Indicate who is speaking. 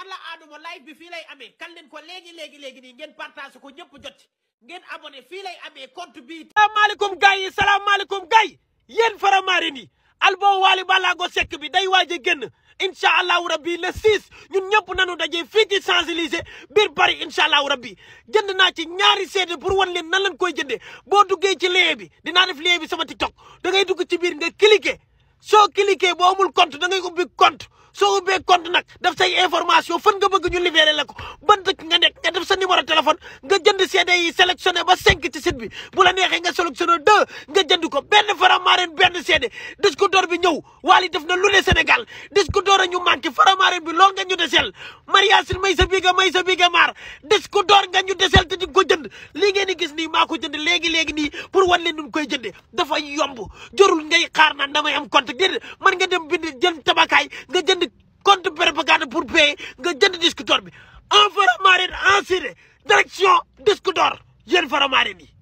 Speaker 1: alla aaduma live bi fii lay
Speaker 2: amee kan leen ko léegi léegi léegi nii ngeen partage ko ñëpp jot
Speaker 3: ngeen abone fii lay amee compte bi salaamaaleykum gars yi salaamaaleykum gars yi yéen faramaare ni album Wally Ballago Seck bi day waaj a génn incha allahu rabbi le 6 ñun ñëpp nanu dajee fii ci Champs-Élysées biir Paris incha allahu rabbi jënd naa ci ñaari CD pour wan leen nan lañ koy jëndee boo duggee ci lien bi dinaa def lien bi sama TikTok da ngay dugg ci biir nga cliquer soo cliquer boo amul compte da ngay ubbi compte soo ubbee compte nag def say information fan nga bëgg ñu libéré la ko ban dëkk nga nekk nga def sa numéro téléphone nga jënd CD yi sélectionné ba cinq ci site bi bu neexee nga sélectionné deux nga jënd ko benn faramaareen benn CD disque d'or bi ñëw Wally def na lu ne Sénégal disque d'or a ñu manqué faramaareen bi lool nga ñu desel mariasin may sa biga may sa biga maar disque d'or nga ñu desel te di ko jënd lii ngeen di gis nii maa ko jënd léegi-léegi nii pour wan leen nun koy jëndee dafay yomb jorul ngay xaar naan damay am compte déedéet man nga dem payé nga jënd disque d'or bi en Faramareen en Siré direction disque d'or yéen Faramareen yi